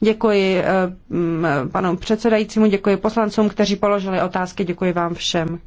Děkuji eh, panu předsedajícímu, děkuji poslancům, kteří položili otázky, děkuji vám všem.